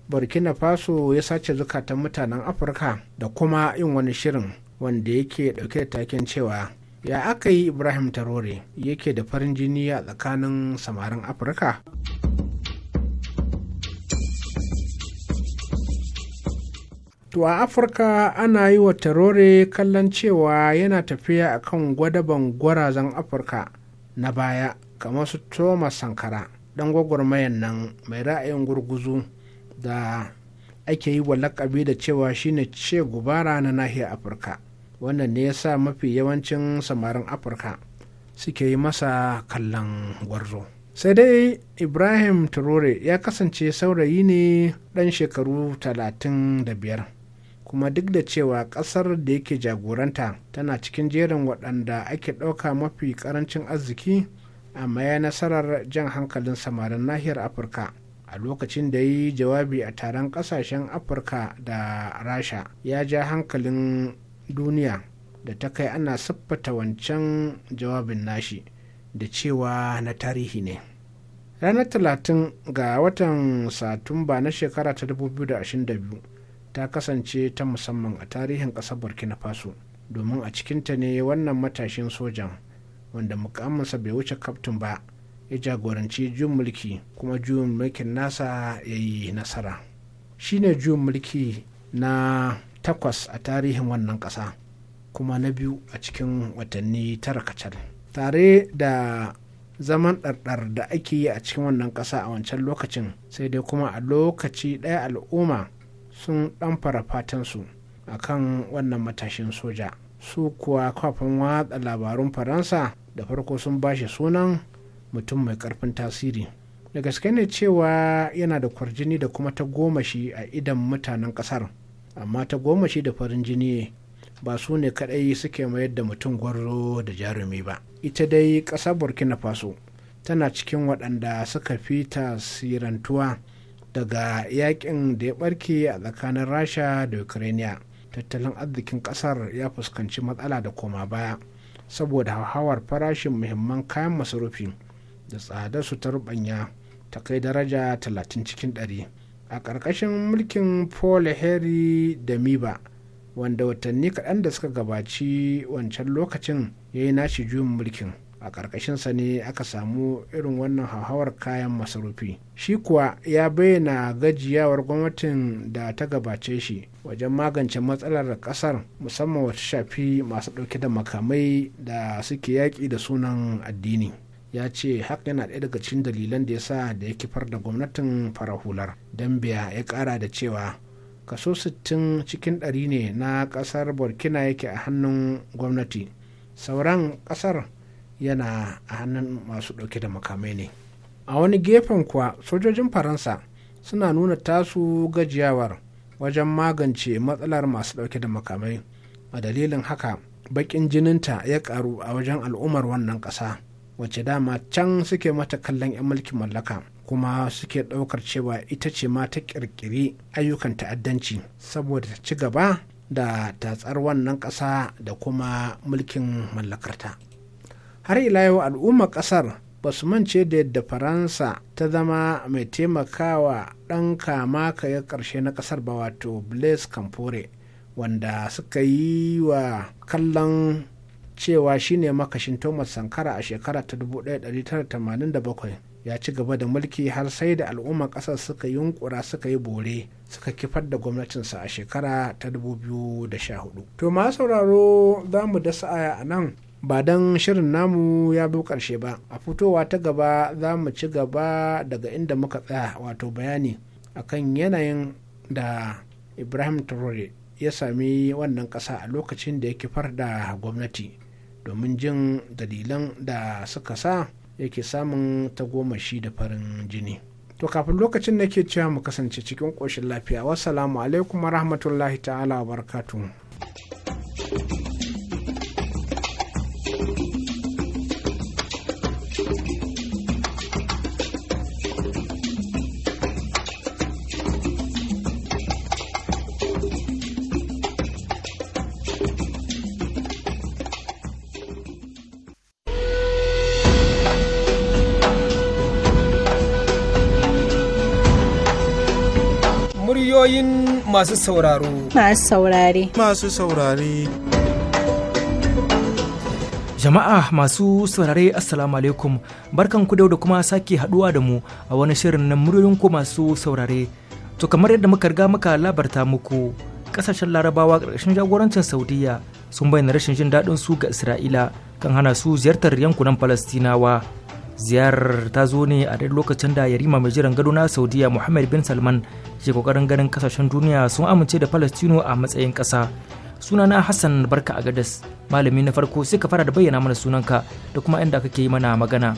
[SPEAKER 6] burkina faso ya sace zukatan mutanen afirka da kuma yin wani shirin wanda yake ɗauke da takin cewa ya aka yi ibrahim tarore yake da farin jini a tsakanin samarin afirka To a Afirka ana yi wa tarore kallon cewa yana tafiya a kan gwadaban gwarazan Afirka na baya kamar su Thomas Sankara ɗan gwagwarmayan nan mai ra'ayin gurguzu da ake yi wa lakabi da cewa shine ce gubara na nahiyar Afirka. Wannan ne ya sa mafi yawancin samarin Afirka suke yi masa kallon gwarzo. sai dai ibrahim turore ya kasance saurayi ne ɗan shekaru talatin da biyar. kuma duk da cewa kasar da yake jagoranta tana cikin jerin waɗanda ake ɗauka mafi ƙarancin arziki amma ya nasarar jan hankalin samarin nahiyar afirka a lokacin da yi jawabi a taron ƙasashen afirka da rasha ya ja hankalin duniya da ta kai ana siffata wancan jawabin nashi da cewa na tarihi ne ranar 30 ga watan satumba na shekara ta 2022 ta kasance ta musamman a tarihin ƙasar burkina faso domin a cikinta ne wannan matashin sojan wanda mukamansa bai wuce kaftin ba ya jagoranci juyin mulki kuma juyin mulkin nasa ya yi nasara shine juyin mulki na takwas a tarihin wannan ƙasa kuma na biyu a cikin watanni tara kacal tare da zaman ɗarɗar da ake yi a cikin wannan ƙasa a wancan lokacin sai dai kuma a lokaci ɗaya al'umma sun ɗanfara fatansu a kan wannan matashin soja su kuwa kafin watsa labarun faransa da farko sun bashi sunan mutum mai ƙarfin tasiri da gaske ne cewa yana da kwarjini da kuma ta gomashi a idan mutanen ƙasar amma ta gomashi da farin jini ba su ne kaɗai suke mayar da mutum gwarzo da jarumi ba ita dai ƙasar burkina faso tana cikin waɗanda suka fi tasirantuwa daga yakin da ya barke a tsakanin rasha da ukraine tattalin arzikin kasar ya fuskanci matsala da koma baya saboda hauhawar farashin muhimman kayan masarufi da tsada su ta rubanya ta kai daraja 30 cikin 100 a ƙarƙashin mulkin paul harry da miba wanda watanni kaɗan da suka gabaci wancan lokacin ya yi nashi juyin mulkin a ƙarƙashinsa ne aka samu irin wannan hauhawar kayan masarufi shi kuwa ya bayyana gajiyawar gwamnatin da ta gabace shi wajen magance matsalar ƙasar musamman wata shafi masu ɗauke da makamai da suke yaƙi da sunan addini ya ce haka yana ɗaya daga cikin dalilan da ya sa da ya kifar da gwamnatin farahular dambiya ya ƙara da cewa kaso 60 cikin ɗari ne na ƙasar burkina yake a hannun gwamnati sauran ƙasar yana a hannun masu ɗauke da makamai ne a wani gefen kuwa sojojin faransa suna nuna tasu gajiyawar wajen magance matsalar masu ɗauke da makamai a dalilin haka baƙin jininta ya ƙaru a wajen al'ummar wannan ƙasa wacce dama can suke mata kallon 'yan mulkin mallaka kuma suke ɗaukar cewa ita ce ma ta ƙirƙiri ayyukan ta'addanci saboda ta ci gaba da tatsar wannan ƙasa da kuma mulkin mallakarta. har ila yau al'ummar kasar ba su mance da yadda faransa ta zama mai taimakawa ɗan kama ya karshe na kasar ba wato blaise campore wanda suka yi wa kallon cewa shine makashin thomas sankara a shekara ta 1987 ya ci gaba da mulki har sai da al'ummar kasar suka yunkura suka yi bore suka kifar da gwamnatinsa a shekara ta 2014 to ma sauraro za mu dasa aya a nan ba don shirin namu ya bi ƙarshe ba a fitowa ta gaba za mu ci gaba daga inda muka tsaya wato bayani akan yanayin da ibrahim traore ya sami wannan ƙasa a lokacin da yake far da gwamnati domin jin dalilan da suka sa yake samun tagomashi da farin jini to kafin lokacin nake cewa mu kasance cikin koshin lafiya wassalamu alaikum wa rahmatullahi ta'ala wa barakatuhu
[SPEAKER 4] masu sauraro.
[SPEAKER 6] Masu saurare. Masu saurare.
[SPEAKER 3] Jama'a masu saurare Assalamu alaikum barkan ku da kuma sake haduwa da mu a wani shirin na muryoyin ku masu saurare. To kamar yadda muka riga muka labarta muku kasashen larabawa ƙarƙashin jagorancin Saudiya sun bayyana rashin jin daɗin su ga Isra'ila kan hana su ziyartar yankunan Falastinawa. ziyarar ta zo ne a daidai lokacin da yarima mai jiran gado na saudiya muhammad bin salman ke kokarin ganin kasashen duniya sun amince da palestino a matsayin ƙasa sunana hassan barka a gadas malami na farko sai ka fara da bayyana mana sunanka da kuma inda kake yi mana magana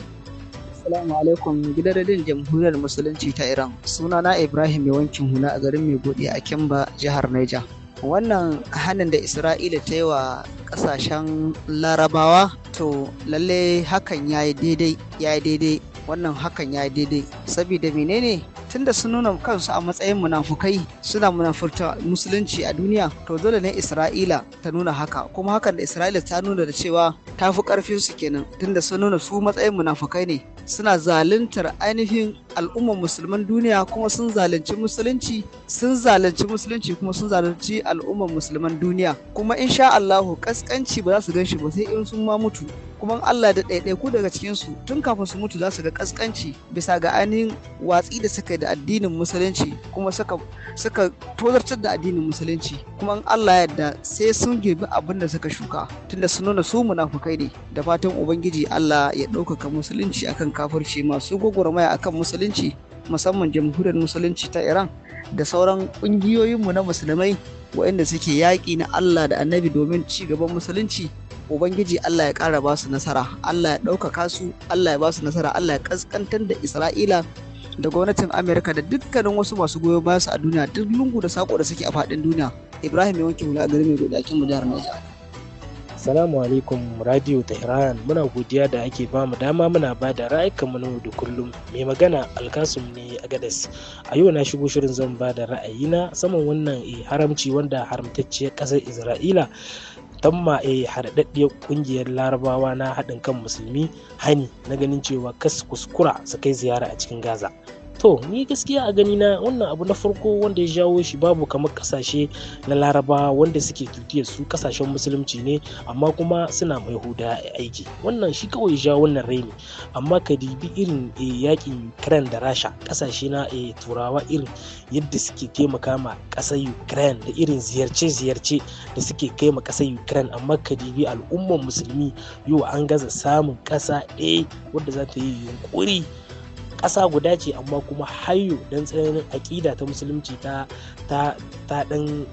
[SPEAKER 7] Assalamu alaikum gidan radin jamhuriyar musulunci ta Iran sunana Ibrahim yawancin hula a garin mai Godi a Kimba jihar Niger. wannan hannun da isra'ila ta yi wa kasashen larabawa to lalle hakan ya yi daidai ya yi daidai wannan hakan ya yi daidai saboda menene tunda sun nuna kansu a matsayin munafukai suna munafurta musulunci a duniya to dole ne isra'ila ta nuna haka kuma hakan da isra'ila ta nuna da cewa ta fi karfin su kenan tunda sun nuna su matsayin munafukai ne suna zaluntar ainihin al'ummar musulman duniya kuma sun zalunci musulunci sun zalunci musulunci kuma sun zalunci al'ummar musulman duniya kuma insha Allahu kaskanci ba za su ganshi ba sai in sun ma mutu kuma Allah da ɗaiɗaiku daga cikin su tun kafin su mutu za su ga kaskanci bisa ga ainihin watsi da suka da addinin musulunci kuma suka suka tozartar da addinin musulunci kuma Allah yadda sai sun girbi abin da suka shuka tunda sun nuna su munafukai ne da fatan ubangiji Allah ya ɗaukaka musulunci akan kafirci masu gwagwarmaya akan musulunci musamman jamhuriyar musulunci ta iran da sauran ƙungiyoyinmu na musulmai waɗanda suke yaƙi na allah da annabi domin ci gaban musulunci ubangiji allah ya ƙara ba su nasara allah ya ɗaukaka su allah ya ba su nasara allah ya ƙasƙantar da isra'ila da gwamnatin amerika da dukkanin wasu masu goyon bayansu a duniya duk lungu da saƙo da suke a faɗin duniya
[SPEAKER 8] ibrahim ya wanke hula a garin mai godakin mu jihar niger Salamu alaikum Radio Tehran muna godiya da ake ba mu dama muna ba da ra'ayikanmu na da kullum. Mai magana Alkasum ne a Gadas. A yau na shigo shirin zan ba da ra'ayina saman wannan eh, haramci wanda haramtacciyar ƙasar Isra'ila tamma a eh, haɗaɗɗiyar ƙungiyar larabawa na haɗin kan musulmi hani na ganin cewa kas kuskura su kai ziyara a cikin Gaza. to ni gaskiya a gani na wannan abu na farko wanda ya jawo shi babu kamar kasashe na laraba wanda suke tutiyar su kasashen musulunci ne amma kuma suna mai huda aiki wannan shi kawai ya jawo wannan raini amma ka dibi irin eh, yakin Ukraine da rasha kasashe na eh, turawa irin yadda suke taimaka ma kasar ukraine da irin ziyarce-ziyarce da suke kai ma kasar ukraine amma ka dibi al'ummar musulmi yau an gaza samun kasa ɗaya wadda za ta yi yunkuri ƙasa guda ce amma kuma hayo don tsananin aƙida ta musulunci ta ta ɗan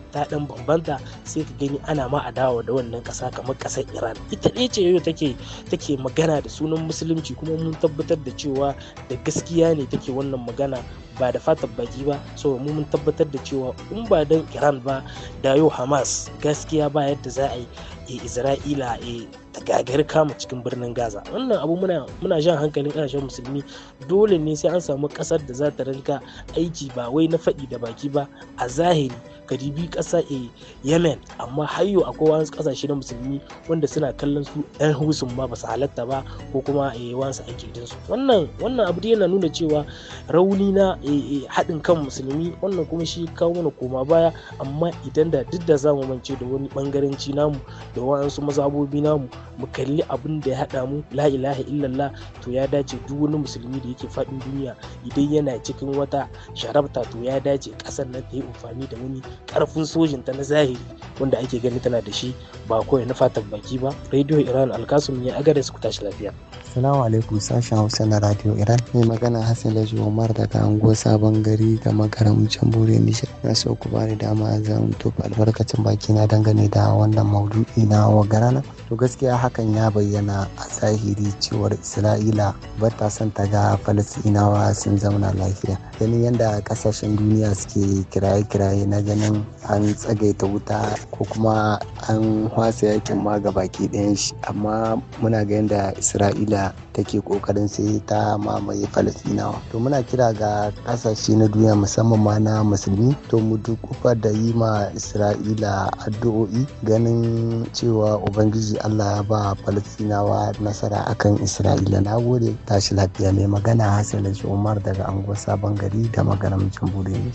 [SPEAKER 8] bambanta sai ka gani ana ma adawa da wannan ƙasa kamar ƙasar iran ita ɗaya ce yau take take magana da sunan musulunci kuma mun tabbatar da cewa da gaskiya ne take wannan magana ba da fatan baki ba so mu mun tabbatar da cewa in ba dan iran ba da yau hamas gaskiya ba yadda za a yi e, isra'ila e, ta gagari kama cikin birnin gaza wannan abu muna muna jan hankalin ƙasashen musulmi dole ne sai an samu ƙasar da za ta rinka aiki ba wai na faɗi da baki ba a zahiri ka kasa ƙasa eh, yemen amma har akwai wasu kasashe na musulmi wanda suna kallon su yan husun ba su halatta ba ko kuma yi eh, wasu aikin su wannan wannan abu yana nuna cewa rauni na eh, haɗin kan musulmi wannan kuma shi kawo mana koma baya amma idan da duk da zamu mance da wani bangarenci namu da wasu mazabobi namu mu kalli abin da ya haɗa mu la ilaha illallah to ya dace duk wani musulmi da yake faɗin duniya idan yana cikin wata sharabta to ya dace ƙasar nan ta yi amfani da wani karfin ta na zahiri wanda ake gani tana da shi ba kawai na fatan baki ba radio iran alkasum ya agada su tashi lafiya
[SPEAKER 9] Assalamu alaikum sashen Hausa na Radio Iran. Mai magana Hassan Lajo Umar daga Ango Sabon Gari ga makaramcin Bure Nishir. Na so ku ni dama zan tofa albarkacin baki na dangane da wannan maudu'i na wagarana. To gaskiya hakan ya bayyana a zahiri cewar Isra'ila ba ta son ta ga Falasɗinawa sun zauna lafiya. Ganin yadda kasashen duniya suke kiraye-kiraye na ganin an tsagaita wuta ko kuma an hwasa yakin ma ga baki ɗayan shi. Amma muna ga yadda Isra'ila take kokarin sai ta mamaye falasinawa to muna kira ga kasashe na duniya musamman ma na musulmi to mu dukufa da yi ma isra'ila addu'o'i ganin cewa ubangiji allah ya ba falasinawa nasara akan isra'ila na gode tashi lafiya mai magana hassan umar daga angon sabon gari da magaramcin burin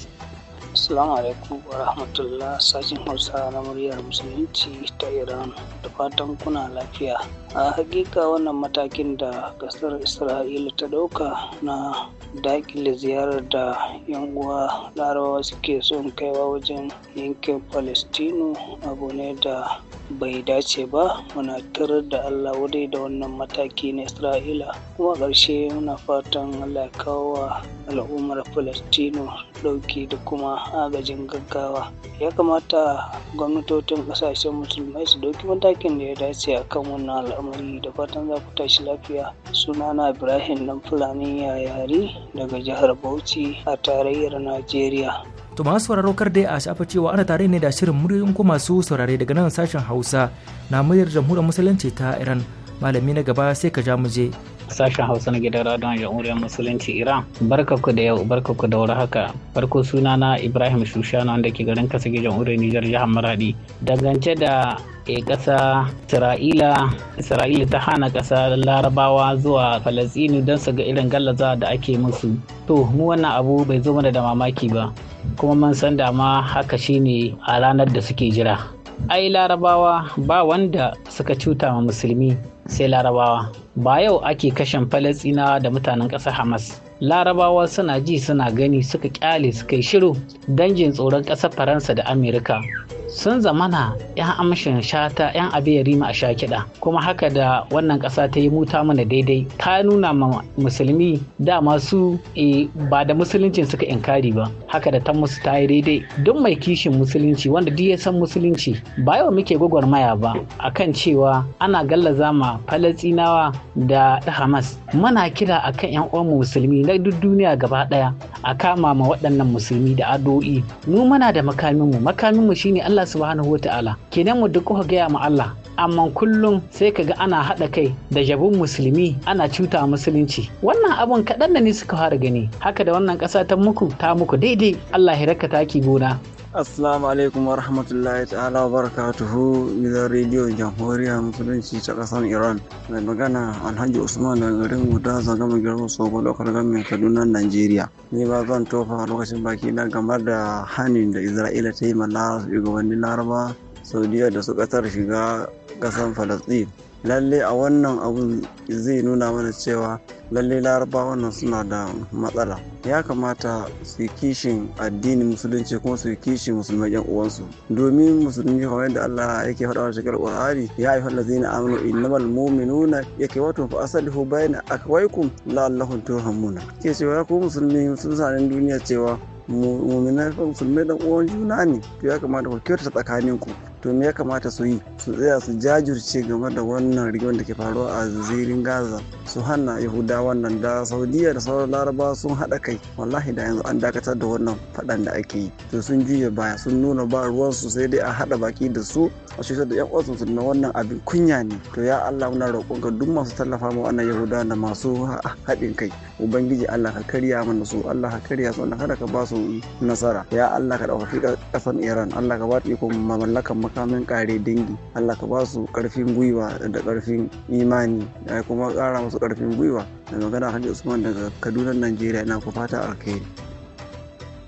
[SPEAKER 10] Assalamu alaikum wa rahmatullah sashen Hausa na muryar Musulunci ta Iran da fatan kuna lafiya. A hakika wannan matakin da kasar Isra'ila ta ɗauka na dakile ziyarar da 'yan uwa larabawa suke son kaiwa wajen yankin Falastinu abu ne da bai dace ba muna tarar da allah wadai da wannan mataki na isra'ila kuma ƙarshe muna fatan allah ya kawo wa al'ummar falastino ɗauki da kuma agajin gaggawa ya kamata gwamnatocin ƙasashen musulmai su ɗauki matakin da ya dace a kan wannan al'amari da fatan za ku tashi lafiya sunana ibrahim dan fulani yayari daga jihar bauchi a tarayyar
[SPEAKER 3] najeriya To masu sauraro kar dai a shafa cewa ana tare ne da shirin muryoyin ko masu saurare daga nan sashen Hausa na muryar jamhuriyar musulunci ta Iran. Malami na gaba sai ka ja mu je.
[SPEAKER 11] sashen hausa na gidan radon jamhuriyar musulunci iran barka ku da yau barka ku da wuri haka farko sunana ibrahim shushana wanda ke garin kasage jamhuriyar nijar jihar maradi dangance da ƙasa isra'ila isra'ila ta hana ƙasa larabawa zuwa falasini don su ga irin gallaza da ake musu to mu wannan abu bai zo mana da mamaki ba kuma mun san dama haka shine a ranar da suke jira ai larabawa ba wanda suka cuta ma musulmi sai larabawa ba yau ake kashen Falasina da mutanen ƙasar hamas larabawa suna ji suna gani suka kyale suka yi shiru don tsoron ƙasar faransa da amerika sun zamana 'yan amshin shata 'yan abin ya rima a sha kiɗa kuma haka da wannan ƙasa ta yi muta mana daidai ta nuna ma musulmi da masu e, ba da musuluncin suka inkari ba haka da ta musu ta yi daidai Don mai kishin musulunci wanda duk ya san musulunci ba yau muke gwagwarmaya ba akan cewa ana gallaza ma falastinawa da hamas muna kira akan 'yan uwan musulmi na duk duniya gaba ɗaya a kama ma waɗannan musulmi da addu'o'i mu muna da makaminmu makaminmu shine Allah subhanahu wataala kenan mu duk kuka gaya ma Allah amma kullum sai ka ga ana haɗa kai da jabun musulmi ana cuta musulunci wannan abun kaɗan da ne suka fara gani haka da wannan ƙasa ta muku ta muku daidai Allah ya raka taki gona
[SPEAKER 1] Assalamu alaikum wa rahmatullahi ta'ala wa barakatuhu gidan rediyo jamhuriya musulunci ta kasar Iran. Mai magana Alhaji Usman daga garin Guda zagama girma Sogo lokar gamin Kaduna Najeriya. Ni ba zan tofa lokacin baki na game da hanin da Isra'ila ta yi ma shugabannin Laraba Saudiya da su kasar shiga kasar Falasɗin. lalle a wannan abun zai nuna mana cewa lalle laraba wannan suna da matsala ya kamata su kishin addinin musulunci kuma su kishin musulmai yan uwansu domin musulmi kamar da Allah yake faɗa wa shekarar Qur'ani ya ayyuhal ladzina amanu innamal mu'minuna yake wato fa asalihu bayna akwaikum la'allakum turhamuna ke cewa ku musulmi sun sanin duniya cewa muminai musulmai dan uwan juna ne to ya kamata ku kyautata tsakanin ku to me ya kamata su yi su tsaya su jajirce game da wannan rigon da ke faruwa a zirin gaza su hana yahuda wannan da saudiya da sauran laraba sun haɗa kai wallahi da yanzu an dakatar da wannan faɗan da ake yi to sun juya baya sun nuna ba ruwansu sai dai a haɗa baki da su a cutar da 'yan uwansu na wannan abin kunya ne to ya Allah muna ka duk masu tallafa mu wannan yahuda da masu haɗin kai ubangiji Allah ka karya mana su Allah ka karya su Allah kada ka ba su nasara ya Allah ka ɗaukaki ƙasar Iran Allah ka ba su ikon mamallakan makamin kare dangi Allah ka ba su ƙarfin gwiwa da ƙarfin imani da kuma ƙara musu ƙarfin gwiwa da magana Hajji Usman daga Kaduna Najeriya ina ku fata alkhairi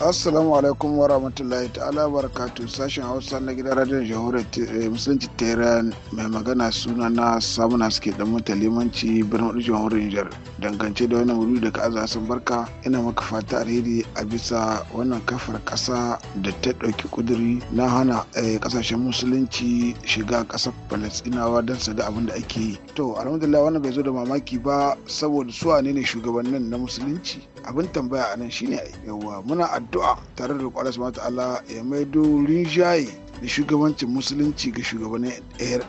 [SPEAKER 1] assalamu
[SPEAKER 12] alaikum wa rahmatullahi ta'ala barakatu sashen hausa na gidan radiyon jamhuriyar eh, musulunci tehran mai magana suna na na suke dan mata limanci birnin wadda jamhuriyar nijar dangance da wannan wuri daga azasin barka ina maka fata alheri a bisa wannan kafar kasa da ta dauki kuduri na hana kasashen eh, musulunci shiga kasar falastinawa don su ga abin da ake yi to alhamdulillah wannan bai zo da mamaki ba saboda su ne shugabannin na musulunci abin tambaya a nan shine yawa muna addu'a tare da roƙon Allah ta'ala ya maido rinjaye da shugabancin musulunci ga shugabannin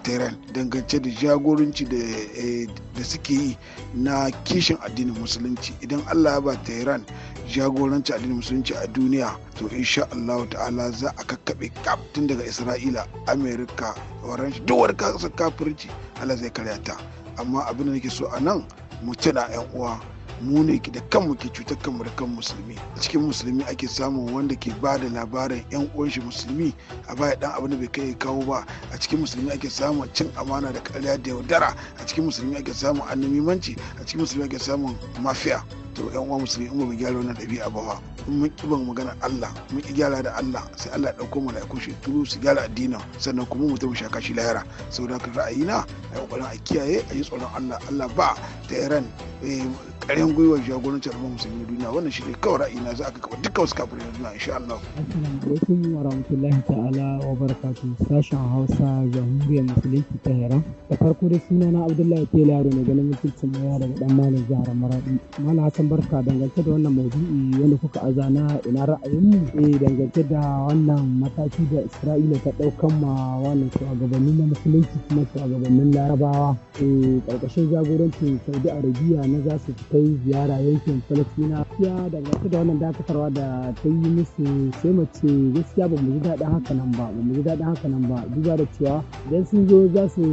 [SPEAKER 12] tehran dangance da jagoranci da eh, suke yi na kishin addinin musulunci idan allah ya ba tehran jagoranci addinin musulunci a duniya to insha allah ta'ala za a kakkaɓe kaftin daga isra'ila amerika orange duwar kasar kafirci allah zai karyata amma abin da nake so a nan mu tuna 'yan uwa mu ne da kanmu ke cutar kanmu da kan musulmi a cikin musulmi ake samu wanda ke ba da labarin yan uwanshi musulmi a baya dan abin da bai kai kawo ba a cikin musulmi ake samun cin amana da karya da yaudara a cikin musulmi ake samun annabimanci a cikin musulmi ake samun mafiya to yan uwa musulmi in mu gyara wannan ɗabi'a ba wa in mun ki ban magana Allah mun ki gyara da Allah sai Allah ya ɗauko mala'iku shi turu su gyara addinin sannan kuma mu tabu shaka shi lahira saboda ka ra'ayina a kokarin a kiyaye a yi tsoron Allah Allah ba ta Iran eh, ƙaryan gwiwar jagorancin al'ummar musulmi duniya wannan shi ne kawai ra'ayina za a kaba duka wasu kafirin duniya insha Allah.
[SPEAKER 10] Assalamu alaikum wa rahmatullahi ta'ala wa barakatuh sashen Hausa jamhuriyar musulunci ta Iran. Da farko da sunana Abdullahi Tela yaro ne ganin mutuncin maya daga dan malam jihar Maradi. Malam albarkacin barka dangance da wannan maudu'i wanda kuka azana ina ina ra'ayinmu eh dangance da wannan mataki da Isra'ila ta ɗaukan ma wannan shugabanni na musulunci kuma shugabannin larabawa eh ƙarƙashin jagorancin Saudi Arabia na za su kai ziyara yankin Falastina ya dangance da wannan dakatarwa da ta yi musu sai mace gaskiya ba mu ji daɗin haka nan ba ba mu ji daɗin haka nan ba duba da cewa idan sun zo za su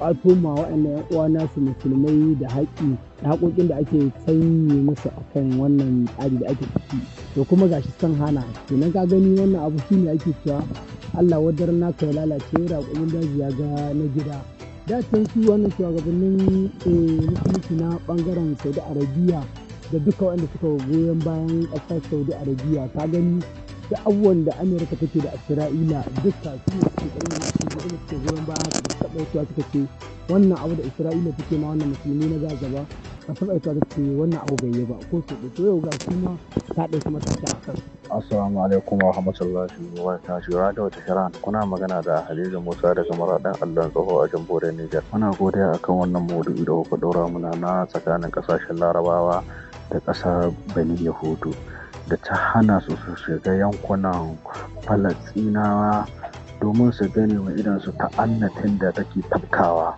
[SPEAKER 10] ƙwato ma waɗannan 'yan uwa nasu musulmai da haƙƙi haƙoƙin da ake sanyi musu kan wannan tsari da ake ciki to kuma gashi san hana kenan ka gani wannan abu ne ake cewa Allah wadar na ya lalace raƙumin daji ya ga na gida da can su wannan shugabannin eh, musulunci na bangaren saudi arabiya da duka waɗanda suka goyon bayan ƙasar saudi arabiya ka gani da abubuwan da amurka take da isra'ila duka su ne suke ƙarni da suke ce suke goyon baya haka da taɓa suka ce wannan abu da isra'ila take ma wannan musulmi na gaza ba taɓa ita da ce wannan abu bai yi ba ko su ɗauki yau ga su ma ta ɗauki matasa a kan.
[SPEAKER 6] assalamu alaikum wa rahmatullahi wa da wata shara kuna magana da halilu musa daga maraɗin allon tsoho a jamhuriyar niger muna godiya akan wannan maudu'i da kuka ɗora muna na tsakanin ƙasashen larabawa da ƙasar benin yahudu da ta hana su su shiga yankunan Falasɗinawa domin su gane wa idansu ta'annatin da take tafkawa.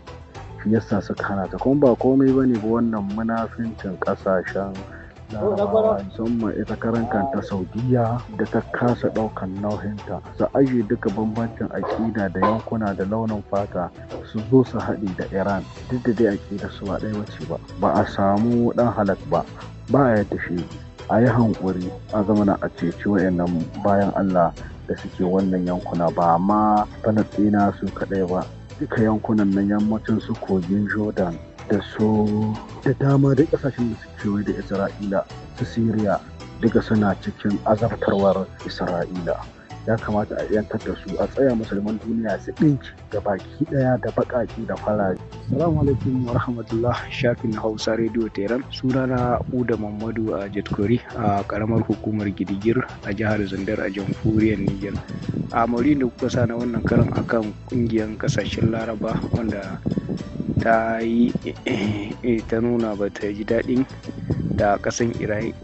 [SPEAKER 6] Shi yasa suka hana ta kuma ba komai bane ba wannan munafincin ƙasashen musamman ita karan kanta saudiya da ta kasa daukan nauhinta su aje duka bambancin aƙida da yankuna da launin fata su zo su haɗi da iran duk da dai aƙida su ba ɗaya ba
[SPEAKER 1] ba a samu
[SPEAKER 13] ɗan halak ba ba ya tafi a yi hankuri a zamana a ceci wayannan bayan Allah da suke wannan yankuna ba ma Falasɗina su kaɗai ba
[SPEAKER 6] duka yankunan nan yammacin su kogin Jordan da su da dama da ƙasashen da suke da Isra'ila su Syria duka suna cikin azabtarwar Isra'ila. ya kamata a yantar da su a tsaya musulman duniya su ɗinki da baki ɗaya da baƙaƙi da farari. Salamu alaikum wa rahmatullah shafin Hausa Radio suna sunana Uda Mamadu a jetkori a karamar hukumar Gidigir a jihar Zandar a jamhuriyar Niger. A maurin da kuka sa na wannan karin akan ƙungiyar ƙasashen Laraba wanda ta yi eh, eh, ta nuna ba ta ji daɗin da kasan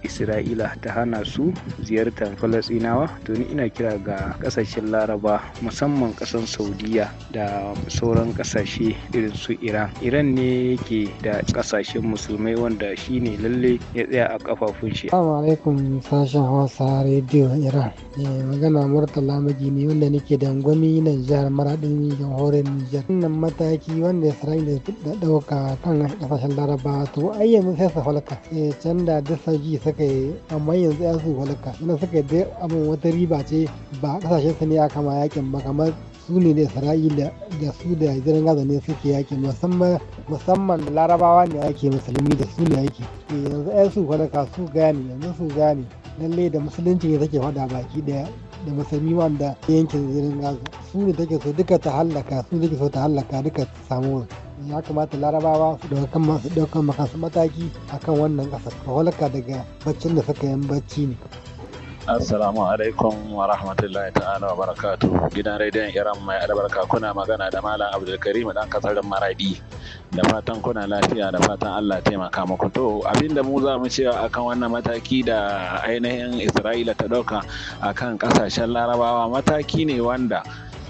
[SPEAKER 6] isra'ila ta hana su ziyartar falasinawa to ni ina kira ga kasashen laraba musamman kasan saudiya da sauran kasashe irin su iran iran ne yake da kasashen musulmai wanda
[SPEAKER 3] shine lalle ya tsaya a kafafun shi
[SPEAKER 9] alaikum sashen hausa rediyo iran eh, magana murtala magini wanda nake da na jihar maradin jamhuriyar nijar wannan mataki wanda isra'ila da dauka kan kasashen laraba to ai yanzu sai su halka eh, can da saji suka yi amma yanzu ya su walaka ina suka yi abin wata riba ce ba kasashen su ne aka ma yakin ba kamar su ne da isra'ila da su da jiran gaza ne suke yakin musamman musamman larabawa ne ake musulmi da su ne yaki eh, yanzu ya su walaka su gane yanzu su gane lallai da musulunci ne take faɗa baki daya da musulmi wanda yankin jiran gaza su ne take so duka ta hallaka su ne take so ta hallaka duka samu ya kamata larabawa su daukan makasu mataki akan wannan kasar ka walaka daga baccin da suka yi bacci ne
[SPEAKER 13] Assalamu alaikum wa rahmatullahi ta'ala wa barakatu. Gidan rediyon Iran mai albarka kuna magana da Malam Abdulkarim dan kasar Maradi. Da fatan kuna lafiya da fatan Allah taimaka maku To abinda mu za mu cewa akan wannan mataki da ainihin Isra'ila ta dauka akan kasashen Larabawa mataki ne wanda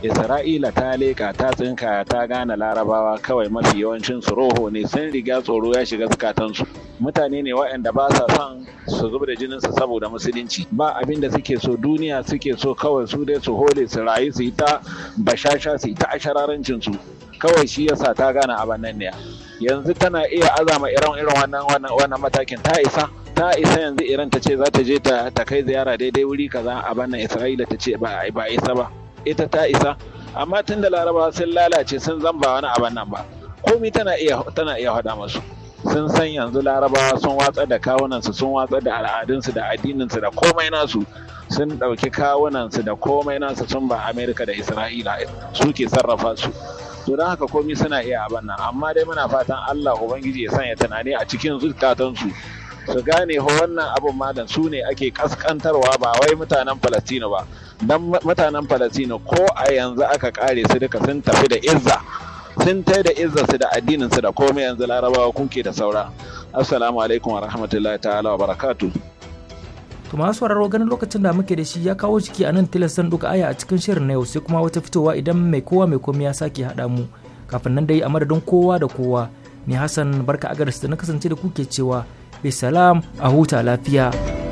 [SPEAKER 13] Isra'ila ta leƙa, ta tsinka ta gane larabawa kawai mafi yawancin su roho ne sun riga tsoro ya shiga zukatansu mutane ne waɗanda ba sa son su zuba da jininsu saboda musulunci ba abin da suke so duniya suke so kawai su dai su hole su rayu su yi ta bashasha su yi ta ashararancin su kawai shi yasa ta gane abin nan ne yanzu tana iya azama irin irin wannan wannan matakin ta isa ta isa yanzu irin ta ce za ta je ta kai ziyara daidai wuri kaza a nan isra'ila ta ce ba a isa ba ita ta isa amma tun da laraba sun lalace sun zan ba wani abin nan ba komi tana iya tana iya hada musu sun san yanzu larabawa sun watsar da kawunansu sun watsar da al'adunsu da addininsu da komai nasu sun ɗauki kawunansu da komai nasu sun ba amerika da isra'ila suke sarrafa su to don haka komi suna iya abin nan amma dai muna fatan allah ubangiji ya sanya tunani a cikin zukatansu su gane ho wannan abin malam su ne ake kaskantarwa ba wai mutanen Falastina ba dan mutanen Falastina ko a yanzu aka kare su duka sun tafi da izza sun tai da izza su da addinin su da komai yanzu larabawa kunke da saura assalamu alaikum wa rahmatullahi ta'ala wa barakatu
[SPEAKER 3] To masu sauraro ganin lokacin da muke da shi ya kawo ciki a nan tilastan duka aya a cikin shirin na yau sai kuma wata fitowa idan mai kowa mai komai ya sake haɗa mu. Kafin nan dai a madadin kowa da kowa. Ni Hassan barka a da na kasance da kuke cewa السلام أهوت على فيها